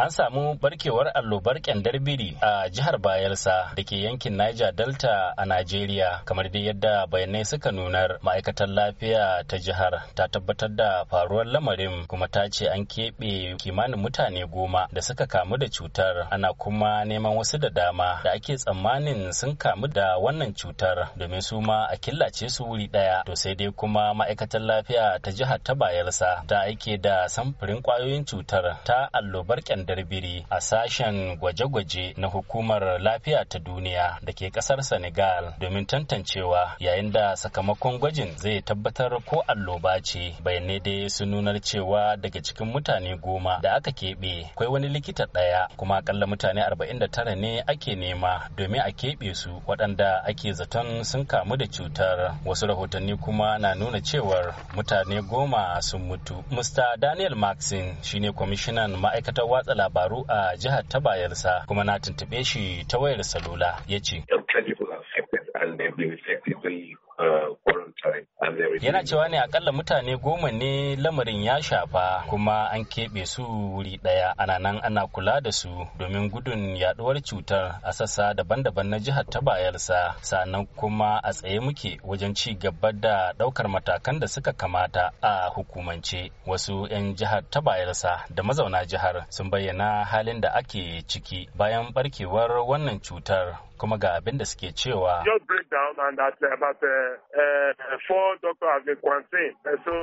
an samu barkewar allobar kyandar biri a jihar bayelsa da ke yankin niger delta a najeriya kamar dai yadda bayanai suka nunar ma'aikatar lafiya ta jihar ta tabbatar da faruwar lamarin kuma ta ce an keɓe kimanin mutane goma da suka kamu da cutar ana kuma neman wasu da dama da ake tsammanin sun kamu da wannan cutar domin su ma a killace su wuri ɗaya to sai dai kuma ma'aikatar lafiya ta jihar ta bayelsa ta aike da samfurin kwayoyin cutar ta allobar kyandar ladar biri a sashen gwaje-gwaje na hukumar lafiya ta duniya da ke kasar senegal domin tantancewa yayin da sakamakon gwajin zai tabbatar ko alloba ce bayanai dai sun nunar cewa daga cikin mutane goma da aka keɓe akwai wani likita ɗaya kuma akalla mutane 49 ne ake nema domin a keɓe su waɗanda ake zaton sun kamu da cutar wasu rahotanni kuma na nuna cewar mutane goma sun mutu mr daniel maxin shine kwamishinan ma'aikatar watsa labaru a jihar ta bayelsa kuma na tuntube shi ta wayar salula ya ce. yana cewa ne akalla mutane goma ne lamarin ya shafa kuma an keɓe su wuri ɗaya ana nan ana kula da su domin gudun yaduwar cutar a sassa daban-daban na jihar ta bayelsa sannan kuma a tsaye muke wajen ci gaba da ɗaukar matakan da suka kamata a hukumance wasu 'yan jihar ta bayelsa da mazauna jihar sun bayyana halin da ake ciki bayan barkewar wannan cutar kuma ga abin da suke cewa.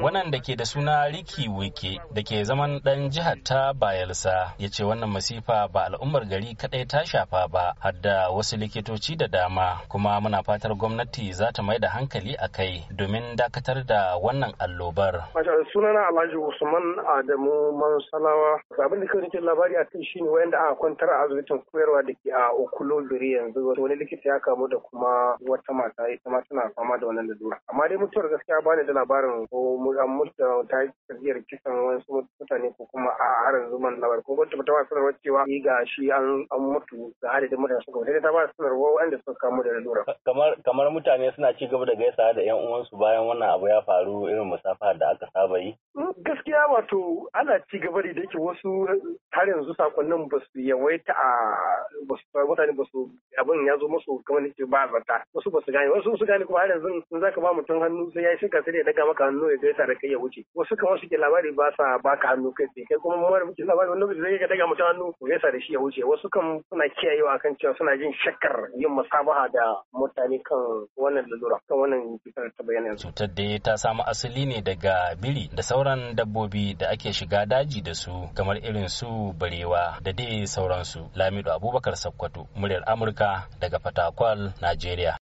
Wannan da ke da suna Riki Wike da ke zaman ɗan jihar ta Bayelsa ya ce wannan masifa ba al'ummar gari kaɗai ta shafa ba har da wasu likitoci da dama kuma muna fatar gwamnati za ta mai da hankali a kai domin dakatar da wannan allobar. Sunana Alhaji Usman Adamu Mansalawa abin da kan labari a ne shine wayanda aka kwantar a asibitin koyarwa da ke a Okolo yanzu cewar wani likita ya kamu da kuma wata mata ita ma tana fama da wannan lalura amma dai mutuwar gaskiya bani da labarin ko an mutu ta yi tafiyar kisan wasu mutane ko kuma a harin zuman labar ko wata ta ba sanarwar cewa ni ga shi an mutu ga adadin mutane suka mutu ta ba an wanda suka kamu da lalura. kamar mutane suna ci gaba da gaisa da yan uwansu bayan wannan abu ya faru irin musafa da aka saba yi. Mm, gaskiya wato ana ci gaba da yake wasu har yanzu sakonnin ba su yawaita a mutane ba su abin ya zo musu kamar ne ba zata wasu ba su gane wasu su gane kuma har yanzu in zaka ba mutum hannu sai ya yi sai ya daga maka hannu ya gaisa da kai ya wuce wasu kamar suke labari ba sa baka hannu kai sai kai kuma mara mutum labari wani lokaci zai ka daga mutum hannu ya gaisa da shi ya wuce wasu kan suna kiyayewa kan cewa suna jin shakkar yin musabaha da mutane kan wannan lalura kan wannan cutar ta bayyana yanzu cutar da ta samu asali ne daga biri da sauran dabbobi da ake shiga daji da su kamar irin su barewa da dai sauransu lamido abubakar sakkwato muryar amurka daga fatakwal najeriya